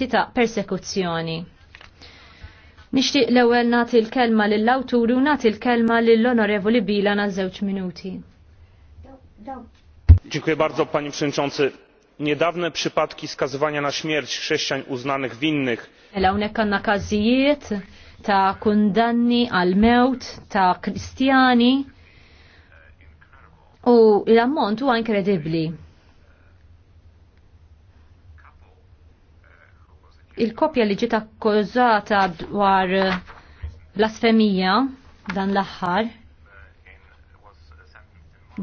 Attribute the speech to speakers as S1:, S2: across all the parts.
S1: atti ta' persekuzzjoni. Nixtieq l-ewwel nagħti l-kelma lill lawturu u nagħti l-kelma lill-Onorevoli Bila na' żewġ minuti. Dziękuję bardzo Pani przewodniczący. Niedawne przypadki skazywania na śmierć chrześcijan uznanych winnych. Mela, hawnhekk għandna każijiet ta' kundanni għal mewt ta' kristjani u l-ammont huwa kredibli. il-kopja li ġiet akkużata dwar eh, blasfemija dan l-aħħar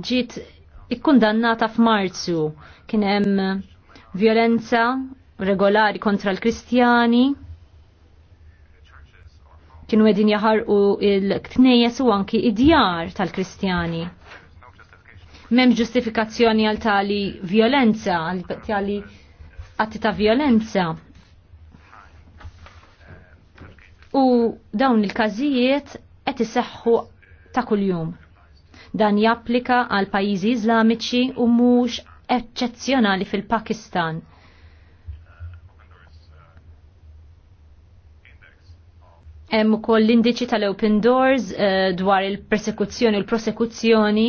S1: ġiet ikkundannata f'Marzu kien hemm violenza regolari kontra l-Kristjani kienu qegħdin jaħarqu il-knejjes u anki id-djar tal-Kristjani. M'hemm ġustifikazzjoni għal tali violenza, għal tali atti ta' violenza. u dawn il-każijiet qed iseħħu ta' kuljum. Dan japplika għal pajjiżi iżlamiċi u mhux eċċezzjonali fil-Pakistan. Hemm ukoll l-indiċi tal-Open Doors uh, dwar il-persekuzzjoni u l-prosekuzzjoni.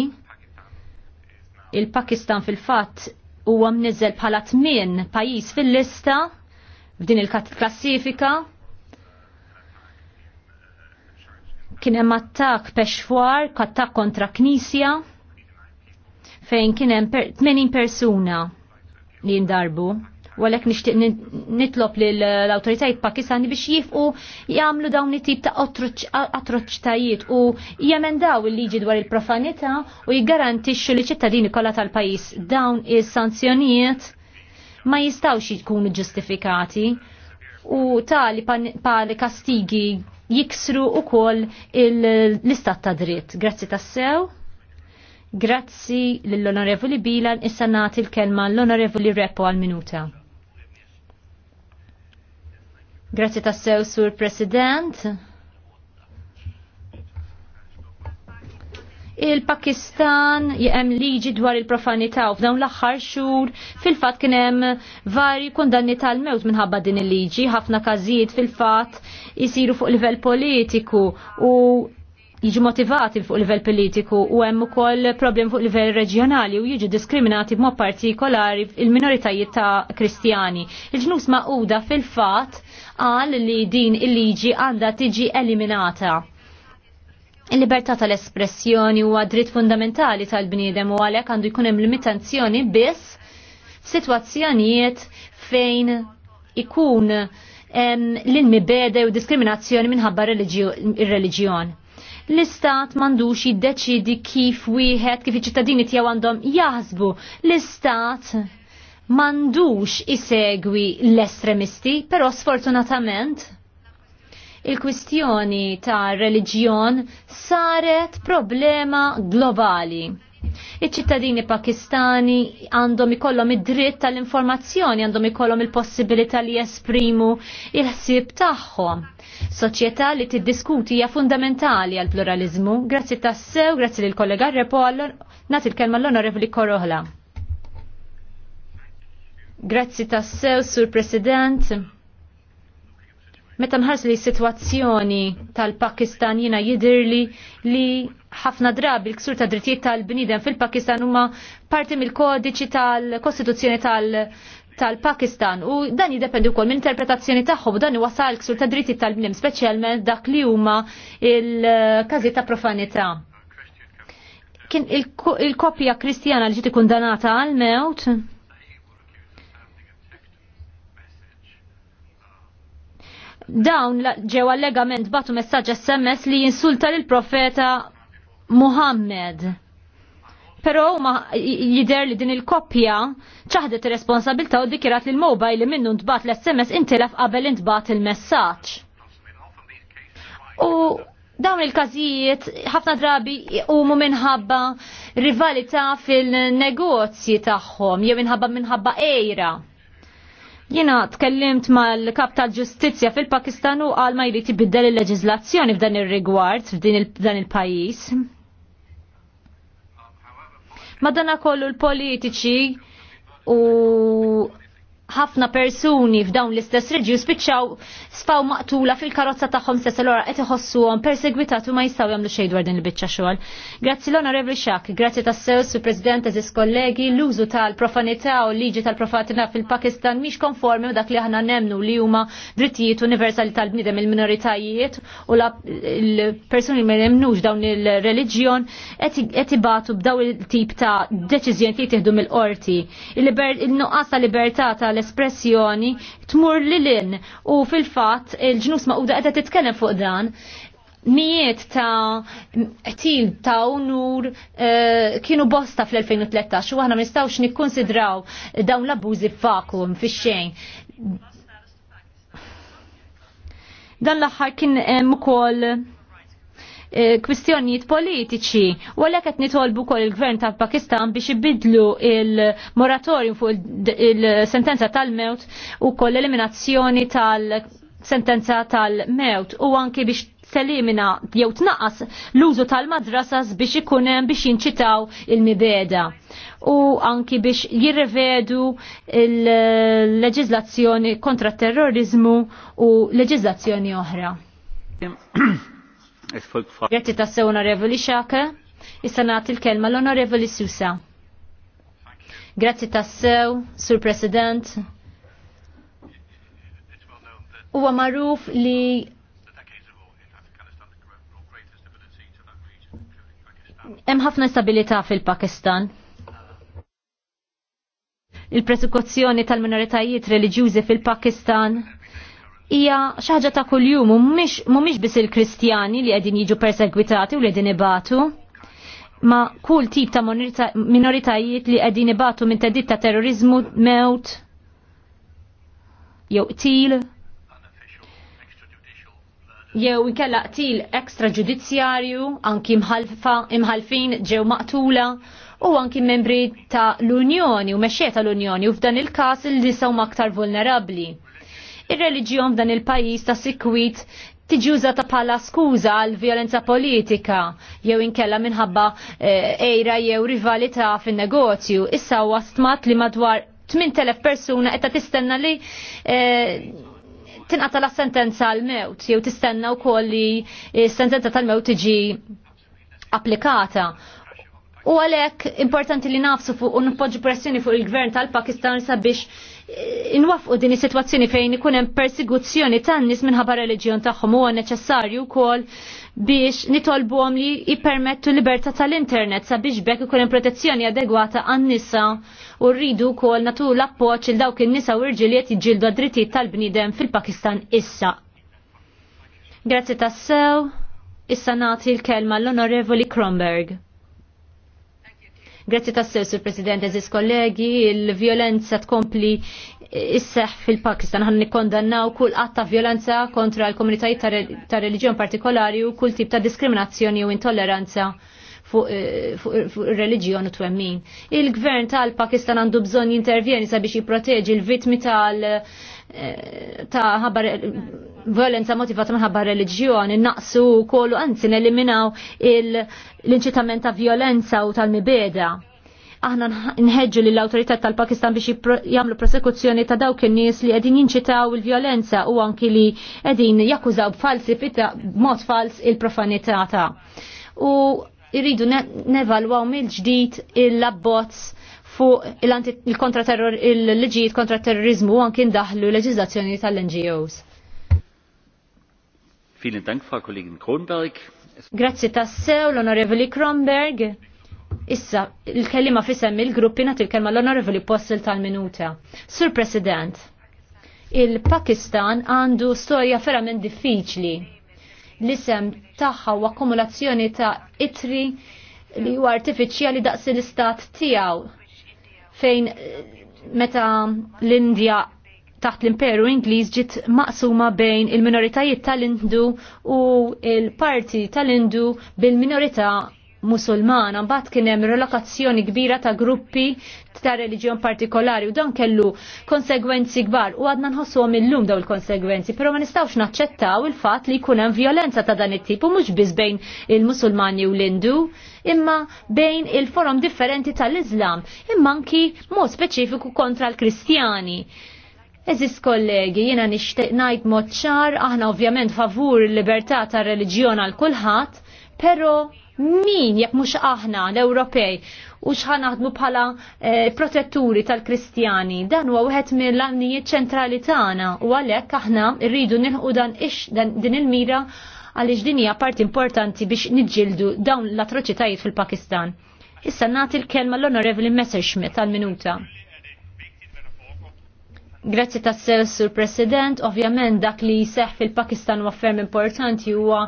S1: Il-Pakistan fil-fatt huwa mniżel bħala tmien pajjiż fil-lista f'din il-klassifika kien hemm attak pexfwar, attak kontra knisja, fejn kien hemm 80 persuna li ndarbu. Walek nixtieq nitlob lill awtoritajiet Pakistani biex jifqu jagħmlu dawn it-tip ta' atroċtajiet u jemendaw il-liġi dwar il-profanità u jiggarantixxu li ċittadini kollha tal-pajjiż dawn is-sanzjonijiet ma jistawx jkunu ġustifikati u tali pali kastigi jiksru u kol l-istat ta' dritt. Grazzi tassew. Grazzi l-Onorevoli Bilan, issa nati l-kelma l-Onorevoli Repo għal-minuta. Grazzi sew, Sur President. Il-Pakistan jem liġi dwar il-profanità u f'dawn l-aħħar xhur fil-fatt kien hemm vari kundanni tal-mewt minħabba din il-liġi, ħafna każijiet fil-fatt isiru fuq livell politiku u jiġu motivati fuq livell politiku u hemm ukoll problem fuq livell reġjonali u jiġu diskriminati b'mod partikolari il-minoritajiet ta' Kristjani. Il-ġnus uda fil-fatt qal li din il-liġi għandha tiġi eliminata Il-libertà tal-espressjoni huwa dritt fundamentali tal-bniedem u għalhekk għandu jkun hemm limitazzjoni biss f'sitwazzjonijiet fejn ikun l-inmibede u diskriminazzjoni minħabba ir-reliġjon. L-istat mandux jiddeċidi kif wieħed kif iċ-ċittadini tiegħu għandhom jaħsbu. L-istat mandux isegwi l-estremisti, però sfortunatament il-kwistjoni ta' reliġjon saret problema globali. Iċ-ċittadini pakistani għandhom ikollhom id-dritt tal-informazzjoni, għandhom ikollhom il-possibilità li jesprimu il-ħsieb tagħhom. Soċjetà li tiddiskuti hija fundamentali għal pluralizmu. Grazzi tassew, grazzi lil kollega Repo għallon nagħti l-kelma l-Onorevoli Koroħla. Grazzi tassew, Sur President. Meta nħarsu li situazzjoni tal-Pakistan jina jidirli li ħafna drabi l-ksur ta' drittijiet tal-bnidem fil-Pakistan huma parti mill-kodiċi tal-Kostituzzjoni tal- tal-Pakistan u dan jidependi wkoll minn interpretazzjoni tagħhom u dan iwasal ksur ta' drittijiet tal bniem speċjalment dak li huma il-każi ta' profanità kien il-kopja kristjana li ġiet ikkundanata għal-mewt Dawn ġew allegament batu messaġġ SMS li jinsulta lil profeta Muhammad. Pero ma jider li din il-koppja ċaħdet responsabilta u dikirat li l-mobile li minnu ntbat l-SMS intilaf qabel ntbat il-messaġġ. U dawn il-kazijiet ħafna drabi mu minħabba rivalità fil-negozji tagħhom jew minħabba minħabba ejra. Jina tkellimt mal-kap tal-ġustizja fil-Pakistan u għal ma jrid ibiddel il-leġizlazzjoni f'dan ir-rigward f'din f'dan il-pajjiż. Il Madana kollu l-politiċi u ħafna persuni f'dawn l-istess reġju spiċċaw sfaw maqtula fil-karozza tagħhom stess allura qed iħossuhom persegwitat u ma jistgħu jagħmlu xejn dwar din il-biċċa xogħol. Grazzi l Revri Xak, grazzi tas-sew su President eżis kollegi, l-użu tal-profanità u liġi tal-profatina fil-Pakistan mhix konformi u dak li aħna nemnu li huma drittijiet universali tal-bniedem il-minoritajiet u l-persuni ma nemnux dawn il-reliġjon qed ibatu b'daw il-tip ta' deċiżjoni jtieħdu mill-qorti. Il-nuqqas ta' libertà tal l espressjoni tmur li lin u fil-fat il-ġnus maquda qed titkellem fuq dan mijiet ta' tim ta' unur eh, kienu bosta fl-2013 u għahna mistawx nikkonsidraw dawn l abużi f'vakum fi xejn. Dan l-axħar kien ukoll Eh, kwistjonijiet politiċi u għalhekk qed nitolbu kol il-gvern ta' Pakistan biex ibidlu il-moratorium fuq il-sentenza tal-mewt u koll eliminazzjoni tal-sentenza tal-mewt u anki biex telimina jew tnaqqas l-użu tal-madrasas biex ikun hemm biex jinċitaw il-mibeda u anki biex jirrevedu il-leġizlazzjoni kontra terrorizmu u leġizlazzjoni oħra. Grazzi ta' sew onorevoli Xaka, issa nagħti l-kelma l-onorevoli Susa. Grazzi ta' sew, Sur President. Huwa magħruf li hemm ħafna stabilità fil-Pakistan il-persekuzzjoni tal-minoritajiet reliġjużi fil-Pakistan hija xi ta' kuljum u mhumiex biss il-Kristjani li qegħdin jiġu persegwitati u li qegħdin ibatu ma kull tip ta' minoritajiet li qegħdin ibatu minn tedid ta' terrorizmu mewt jew qtil jew inkella qtil ekstraġudizzjarju anki imħalfin ġew maqtula u anki membri ta' l-Unjoni u mexxej tal-Unjoni u f'dan il-każ il-nisa aktar vulnerabbli ir-reliġjon f'dan il-pajjiż ta' sikwit tiġi użata bħala skuża għal violenza politika jew inkella minħabba eh, ejra jew rivalità fin-negozju. Issa huwa stmat li madwar 8000 persuna qed tistenna li eh, tinqata la sentenza għal mewt jew tistenna wkoll li eh, sentenza tal-mewt tiġi applikata. U għalhekk importanti li nafsu fuq u npoġġu pressjoni fuq il-gvern tal-Pakistan sabiex inwafqu din is-sitwazzjoni fejn ikun hemm persekuzzjoni tan-nies minħabba reliġjon tagħhom huwa neċessarju wkoll biex nitolbuhom li jippermettu libertà tal-internet sabiex bekk ikun hemm protezzjoni adegwata għan-nisa u rridu wkoll natu l-appoġġ il dawk in-nisa u rġiliet jiġġieldu drittijiet tal-bniedem fil-Pakistan issa. Grazzi tassew, issa nagħti l-kelma l-Onorevoli Kronberg. Grazzi tassew, Sur President, eżis kollegi, il-violenza tkompli isseħ fil-Pakistan ħan nikkondannaw kull qatt ta' violenza kontra l-komunitajiet ta' reliġjon partikolari u kull tip ta' diskriminazzjoni u intolleranza fuq eh, ir-reliġjon u twemmin. Il-gvern tal-Pakistan għandu bżonn jintervjeni sabiex jipproteġi l-vittmi tal- eh, ta' ħabar violenza motivata minn ħabba reliġjon, innaqsu kollu, anzi neliminaw l-inċitament ta' violenza u tal-mibeda. Aħna nħedġu lill awtoritat tal-Pakistan biex jagħmlu prosekuzzjoni ta' dawk in-nies li qegħdin jinċitaw il-violenza u anki li qegħdin jakkużaw b'falsi b'mod fals il-profanità ta' u irridu nevalwaw mill-ġdid il-labbozz fuq il-liġijiet kontra terrorizmu anki ndaħlu leġiżlazzjoni tal-NGOs.
S2: Vielen Dank, Frau Kollegin Kronberg.
S1: Grazzi tassew l-Onorevoli Kronberg. Issa, il-kellima fissem il-gruppi nat il-kelma l-Onorevoli Postel tal-Minuta. Sur President, il-Pakistan għandu storja verament diffiċli l-isem tagħha u akkumulazzjoni ta' itri li huwa artifiċjali daqs l-istat tiegħu fejn eh, meta l-Indja taħt l-Imperu Ingliż ġiet maqsuma bejn il-minoritajiet tal-Indu u il-parti tal-Indu bil-minorità Musulmana, mbagħad kien hemm relokazzjoni kbira ta' gruppi ta' reliġjon partikolari u dan kellu konsegwenzi kbar u għadna il illum daw il-konsegwenzi, però ma nistgħux naċċettaw il-fatt li jkun hemm violenza ta' dan it-tip u mhux biss bejn il-Musulmani u l-Indu, imma bejn il-forom differenti tal-Iżlam, imma anki mod speċifiku kontra l-Kristjani. Eżis kollegi, jena nishtiq najt mod ċar, aħna ovvjament favur il-libertà ta' reliġjon għal kulħadd, però Min jekk mhux aħna l-Ewropej u xħan naħdmu bħala eh, protetturi tal-Kristjani. Dan huwa wieħed mill-għannijiet ċentrali tagħna u għalhekk aħna rridu nilħu dan ix din il-mira għaliex din hija parti importanti biex niġġieldu dawn l-atroċitajiet fil-Pakistan. Issa nagħti l-kelma l-Onorevoli Messerschmidt għall minuta Grazzi ta' sew sur President, ovvjament dak li jseħ fil-Pakistan huwa ferm importanti huwa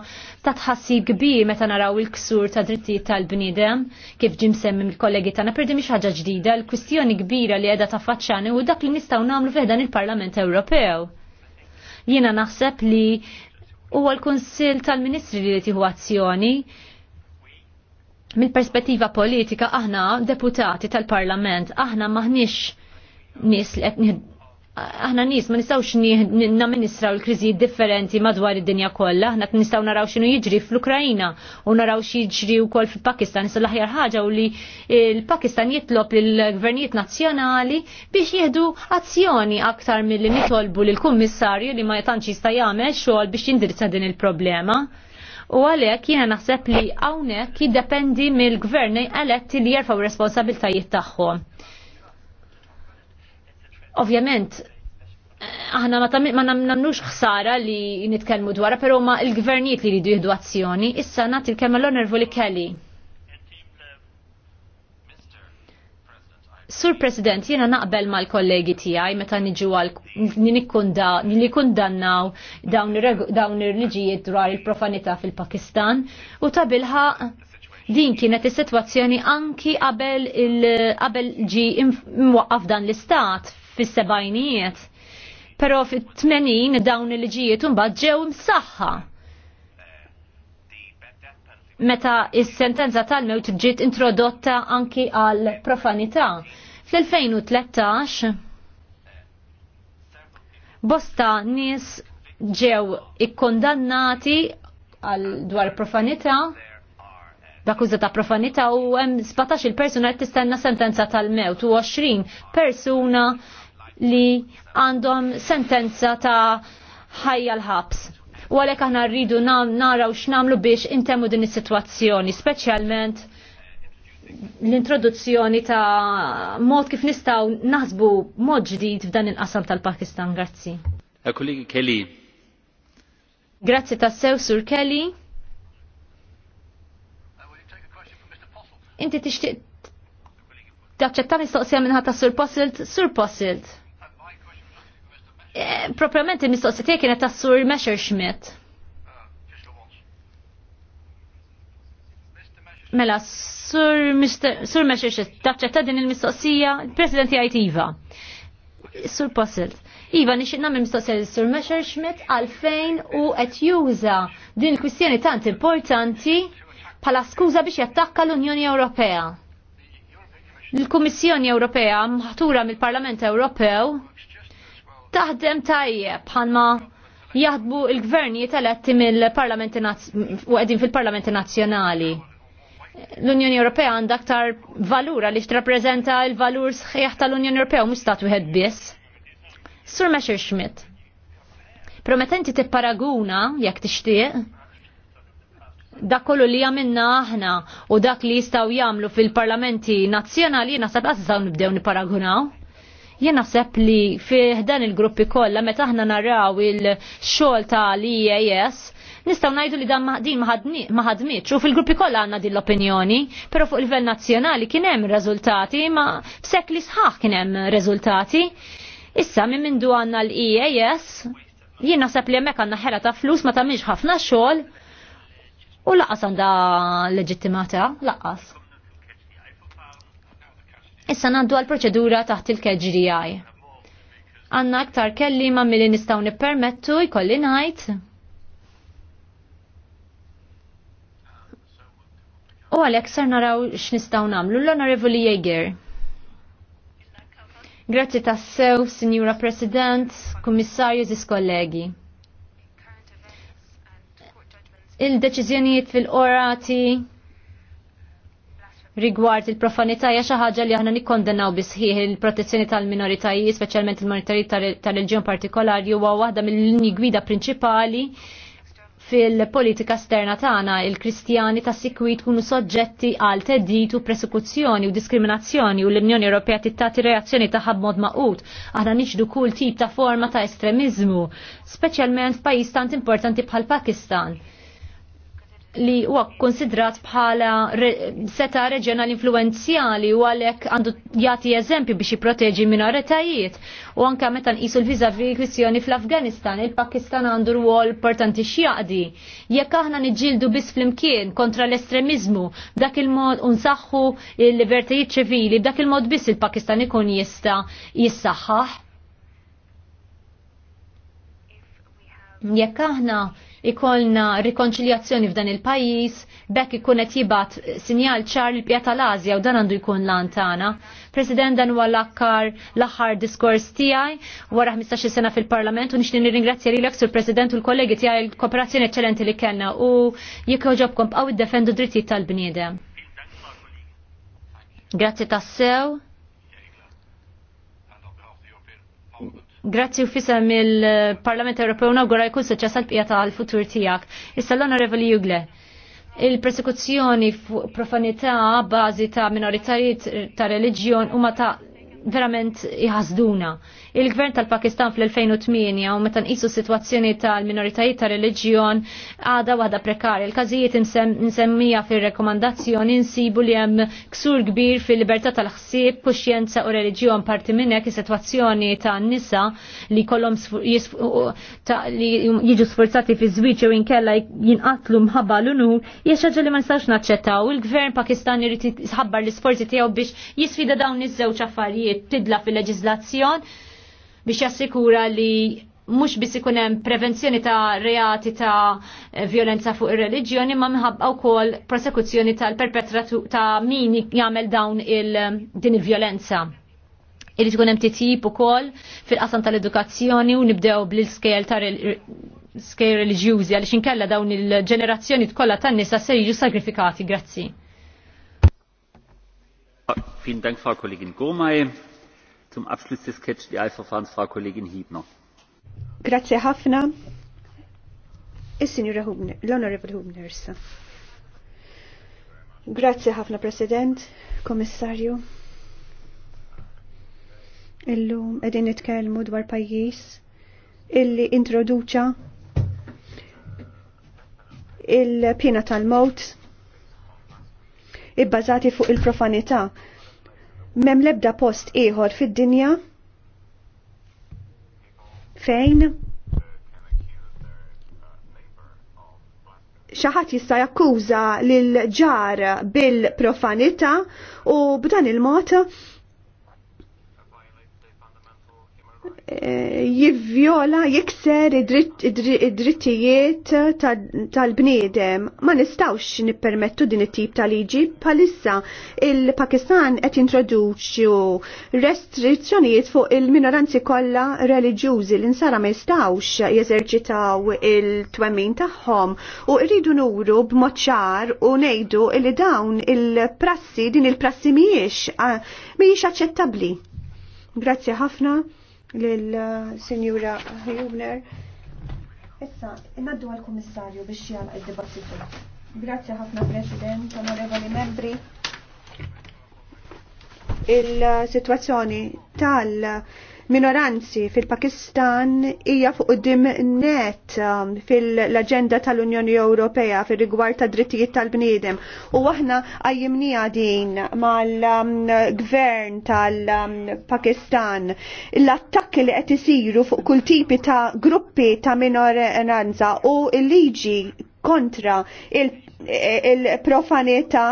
S1: ta' tħassib kbir meta naraw il-ksur ta' drittijiet tal-bniedem, kif ġim semmi mill-kollegi tagħna perdi mhix ħaġa ġdida, l-kwistjoni kbira li qiegħda taffaċċani u dak li nistgħu nagħmlu f'dan il-Parlament Ewropew. Jiena naħseb li huwa l-Kunsill tal-Ministri li tieħu azzjoni mill-perspettiva politika aħna deputati tal-Parlament, aħna maħniex nis li qed aħna nis ma nistawx namministraw l krizi differenti madwar id-dinja kollha, aħna nistgħu naraw x'inhu jiġri fl ukrajina u naraw x'jiġri wkoll fil-Pakistan. Issa l-aħjar ħaġa u li l-Pakistan jitlob lill-gvernijiet nazzjonali biex jieħdu azzjoni aktar milli nitolbu lil kummissarju li ma tantx jista' jagħmel xogħol biex jindirizza din il-problema. U għalhekk jiena naħseb li hawnhekk jiddependi mill-gvern eletti li jerfgħu responsabiltajiet tagħhom. Ovvjament, aħna ma namnux ħsara li nitkellmu dwar, però ma il-gvernijiet li jridu jieħdu azzjoni, issa nagħti l-kemm l-onervu li kelli. Sur President, jiena naqbel mal-kollegi tiegħi meta niġu għal li kundannaw dawn ir-liġijiet dwar il-profanità fil-Pakistan u ta' din kienet is-sitwazzjoni anki qabel il ġi imwaqqaf dan l-istat fis-sebajnijiet. Però fit tmenin dawn il-liġijiet mbagħad ġew msaħħa. Meta is-sentenza tal-mewt ġiet introdotta anki għal profanità. Fl-2013 bosta nies ġew ikkondannati għal dwar profanità l-akkuża ta' profanità u hemm 17 il persuna qed tistenna sentenza tal-mewt u 20 persuna li għandhom sentenza ta' ħajja l-ħabs. U għalek aħna rridu naraw x'namlu biex intemmu din is-sitwazzjoni, speċjalment l-introduzzjoni ta' mod kif nistaw naħsbu mod ġdid f'dan il-qasam tal-Pakistan, grazzi.
S2: Kollegi Kelly.
S1: Grazzi ta' sew, Sur Kelly. Inti tixtieq taċċetta mistoqsija minnħata Sur Possilt, Sur Possilt. Eh, propjament il-mistoqsija kienet tas-sur Schmidt. Mela, sur, sur Messerschmidt, taċċetta din il-mistoqsija, il-President jgħid Iva. Sur Posselt. Iva, nixin namil mistoqsija sur Schmidt, għalfejn u qed juża din il-kwistjoni tant importanti bħala skuża biex jattakka l-Unjoni Ewropea. Il-Kummissjoni Ewropea mħatura mill-Parlament Ewropew taħdem tajjeb ħanma jaħdbu il gvern eletti mill-parlamenti u għedin fil-parlamenti nazzjonali. L-Unjoni Ewropea għandha aktar valura li xtrappreżenta l-valur sħiħ tal-Unjoni Ewropea u mhux mistat wieħed biss. Sur Mesher Schmidt. Prometenti tipparaguna jekk tixtieq dak kollu li għamilna aħna u dak li jistgħu jagħmlu fil-parlamenti nazzjonali nasab għazzaw nibdew niparagunaw Jien naħseb li fih dan il-gruppi kollha meta aħna naraw il-xogħol ta' l-EAS nistgħu ngħidu li dan din ma ħadmitx u fil-gruppi kollha għandna din l-opinjoni, però fuq il-livell nazzjonali kien hemm riżultati ma f'sekli li sħaħ kien hemm riżultati. Issa minn mindu għandna l-EAS jien naħseb li hemmhekk għandna ħela ta' flus ma tagħmilx ħafna xogħol u laqas għandha leġittimata, laqas. Issa naddu għal proċedura taħt il-KGDI. Għanna aktar ma mill nistaw nippermettu jkolli najt. U għalek ser naraw x'nistgħu nagħmlu l-Onorevoli Jager. Grazzi tassew, Sinjura President, Kummissarju, Ziz kollegi il deċiżjonijiet fil-qorati rigward il-profanità hija xi ħaġa li aħna nikkondenaw bisħieħ il-protezzjoni tal-minoritajiet, speċjalment il-minoritajiet tal-reġjun partikolari huwa waħda mill-linji gwida prinċipali fil-politika sterna tagħna il-Kristjani ta' sikwit kunu soġġetti għal teddit u persekuzzjoni u diskriminazzjoni u l-Unjoni Ewropea tittati reazzjoni ta' mod maqut aħna nixdu kull tip ta' forma ta' estremizmu, speċjalment f'pajjiż tant importanti bħal Pakistan li huwa konsidrat bħala re, seta reġjonali influenzjali u għalhekk għandu jagħti eżempju biex jipproteġi minoritajiet u anke meta nqisu l-viżavi kwistjoni fl-Afganistan, il-Pakistan għandu rwol importanti x'jaqdi. Jekk aħna niġġieldu biss flimkien kontra l-estremizmu, b'dak il-mod unsaħħu l-libertajiet ċivili, b'dak il-mod biss il-Pakistan ikun jista' jissaħħaħ. Jekk aħna ikolna rikonċiljazzjoni f'dan il-pajis, bekk ikun qed jibgħat sinjal ċar l pjata tal azja u dan għandu jkun lan tagħna. President dan huwa l-akkar l-aħħar diskors tiegħi wara 15 sena fil-Parlament u nixtieq nirringrazzja lilek sur President u l-kollegi tiegħi l-kooperazzjoni eċċellenti li kellna u jekk ġobkom bqgħu iddefendu drittijiet tal-bniedem. Grazzi tassew. Grazzi uffisa mill-Parlament Ewropew nawgura jkun suċċess għal-bqija tal-futur tiegħek. Issa l-Onorevoli Jugle il-persekuzzjoni fuq profanità bażi ta' minoritajiet ta' reliġjon huma ta' verament jħasduna. Il-gvern tal-Pakistan fl-2008 u meta nqisu situazzjoni tal-minoritajiet ta' reliġjon għada waħda prekarja. Il-każijiet insemmija fil-rekomandazzjoni insibu li hemm ksur kbir fil-libertà tal-ħsieb, kuxjenza u reliġjon parti minn hekk is-sitwazzjoni tan-nisa li kollhom li jiġu sforzati fi żwieġ jew inkella jinqatlu mħabba l-unur, jaxaġa li ma nistgħux naċċettaw. Il-gvern Pakistan irid jisħabbar l-isforzi tiegħu biex jisfida dawn iż-żewġ affarijiet Tidla fil-leġizlazzjon biex jassikura li mhux biss ikun hemm prevenzjoni ta' reati ta' violenza fuq ir-reliġjoni ma minħabba wkoll prosekuzzjoni tal-perpetratu ta' min jagħmel dawn il din il-violenza. Irid tkun hemm titjib ukoll fil-qasam tal-edukazzjoni u nibdew bl-iskejl ta' skej reliġjużi għaliex inkella dawn il-ġenerazzjoni tkolla tan-nisa se jiġu sagrifikati, grazzi.
S2: Vielen Dank, Frau Kollegin Zum Abschluss des Catch the Eye Verfahrens Frau Kollegin Hiebner.
S1: Grazie ħafna.
S2: Is-Sinjura Hubner, l-Honorable Hubner Grazie ħafna President, Komissarju. Illum edin nitkellmu dwar pajjiż illi introduċa il pina tal-mowt ibbażati fuq il-profanità. Mem lebda post ieħor fid-dinja fejn xaħat jista' jakkuża lil ġar bil-profanità u b'dan il-mod jivvjola jikser id-drittijiet tal-bniedem. Ma nistawx nippermettu din it-tip ta' liġi palissa il-Pakistan qed introduċu restrizzjonijiet fuq il-minoranzi kollha reliġjużi li nsara ma jistawx jeżerċitaw il-twemmin tagħhom u rridu nuru b'mod ċar u ngħidu li dawn il-prassi din il-prassi mhijiex mhijiex aċċettabbli. Grazzi ħafna lill-Sinjura Hubner. Issa, naddu għal-Kummissarju biex jgħal id-dibattitu. Grazie ħafna President, onorevoli membri. Il-situazzjoni tal- minoranzi fil-Pakistan hija fuq qudiem net um, fil-aġenda tal-Unjoni Ewropea fir-rigward ta' drittijiet tal-bniedem. U aħna għajjimnija din mal-gvern tal-Pakistan l-attakki li qed isiru fuq kull tipi ta' gruppi ta' minoranza u l-liġi kontra il-profanità il profanità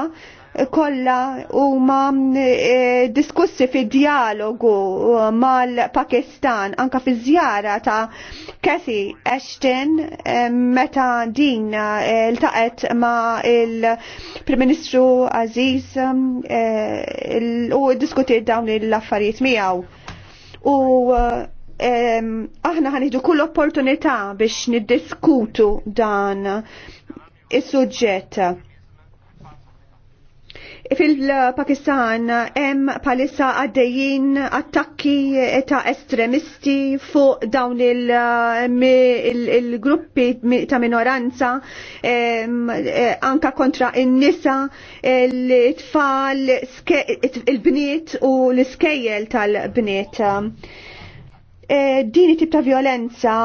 S2: kollha huma e, diskussi fi dialogu eh, mal-Pakistan anka fi żjara ta' Kathy Ashton e, meta din l-taqet ma' il-Prim Ministru Aziz u diskuti dawn l-affarijiet miegħu. U aħna ħanidu kull opportunità biex niddiskutu dan is-suġġett Fil-Pakistan hemm palissa għaddejjin attakki ta' estremisti fuq dawn il-gruppi ta' minoranza e, anka kontra in-nisa, l-tfal, il-bniet u l-iskejjel tal-bniet. E, dini tip ta' violenza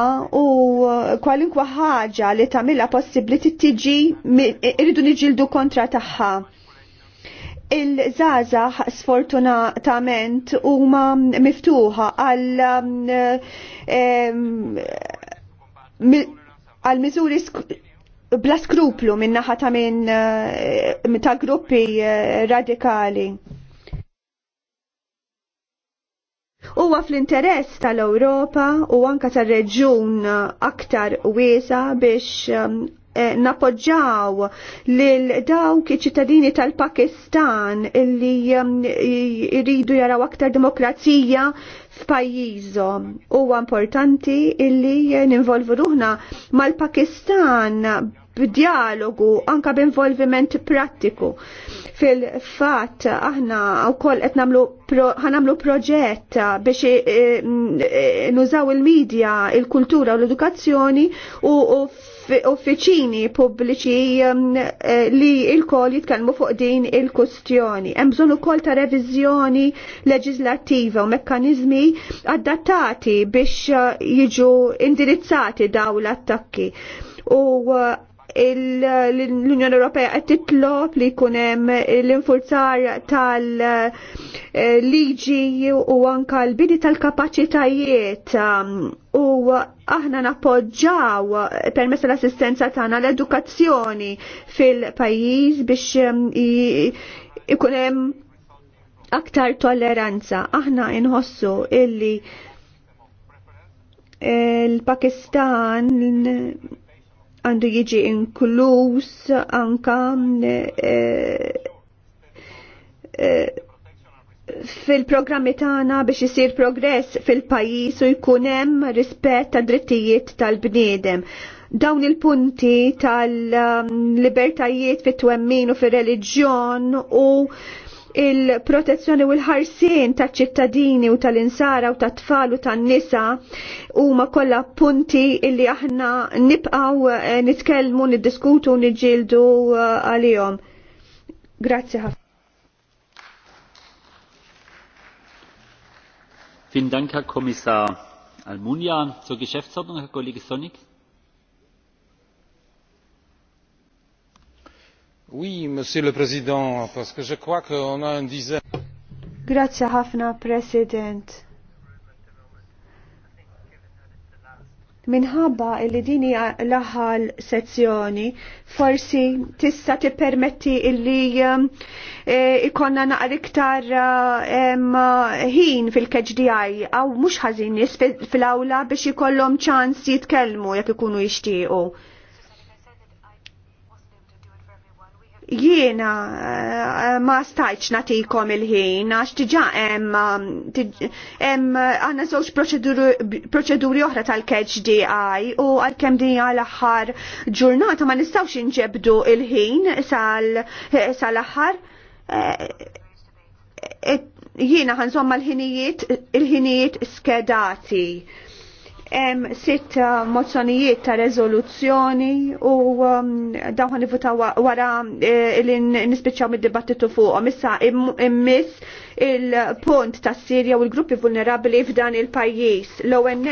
S2: u kwalinkwa ħaġa li tamilla possibli t-tiġi irridu niġildu kontra taħħa il-żazax sfortunatament huma miftuħa għal um, għal miżuri bla skruplu minn naħa ta' minn eh, ta' gruppi eh, radikali. Huwa fl-interess tal-Ewropa u anka tar-reġjun aktar wiesa biex um, Eh, napoġġaw lil dawk iċ-ċittadini tal-Pakistan li jridu mm, jaraw aktar demokrazija f'pajjiżhom. Huwa importanti illi ninvolvu ruħna mal-Pakistan b'dialogu anka b'involviment prattiku. Fil-fatt aħna wkoll qed nagħmlu ħanamlu proġett biex eh, mm, eh, nużaw il-medja, il-kultura u l-edukazzjoni u uffiċini pubbliċi um, eh, li il-kol jitkellmu fuq din il-kustjoni. Hemm bżonn ukoll ta' revizjoni leġislattiva u mekkaniżmi adattati biex eh, jiġu indirizzati daw l-attakki. U eh, l-Unjoni Ewropea qed titlob li jkun hemm l-infurzar tal-liġi u anka l-bidi tal-kapaċitajiet um, u aħna nappoġġaw permess l-assistenza tagħna l-edukazzjoni fil-pajjiż biex um, ikun hemm aktar tolleranza. Aħna inħossu illi eh, l-Pakistan għandu jiġi inkluż anka eh, eh, fil-programmi tagħna biex isir progress fil-pajjiż u jkun hemm rispett ta' drittijiet tal-bniedem. Dawn il-punti tal-libertajiet um, fit-twemmin u fir-reliġjon u il-protezzjoni u l-ħarsien ta' ċittadini u tal-insara u ta' tfal u tan nisa u ma kolla punti illi aħna nibqaw eh, nitkellmu, niddiskutu, nġildu eh, għalihom. Grazie ħafna. Vielen Dank, Herr Kommissar Almunia. Zur Geschäftsordnung, Herr Kollege Sonik. Oui, Monsieur le Président, parce que je crois qu'on a un dizaine. Grazie ħafna, President. Minħabba illi dini l sezzjoni, forsi tista tippermetti illi um, e, ikonna naqar iktar uh, ħin fil-KGDI, għaw mux ħazin fil-awla biex ikollhom ċans jitkellmu jekk ikunu jixtiequ. Jiena eh, ma stajċ natikom il-ħin, għax tiġa um, hemm għandna żewġ proċeduri oħra tal-catch DI u għalkemm din l-aħħar ġurnata ma nistawx inġebdu il-ħin sal-aħħar. Eh, eh, jiena ħanżomma l-ħinijiet il-ħinijiet skedati. Hemm sitt uh, mozzjonijiet ta' rezoluzzjoni u um, dawn nifutaw wara eh, li nispiċċaw mid-dibattitu fuqhom. Issa immiss il-punt tas-Sirja u l-gruppi vulnerabbli f'dan il-pajjiż. L-ewwel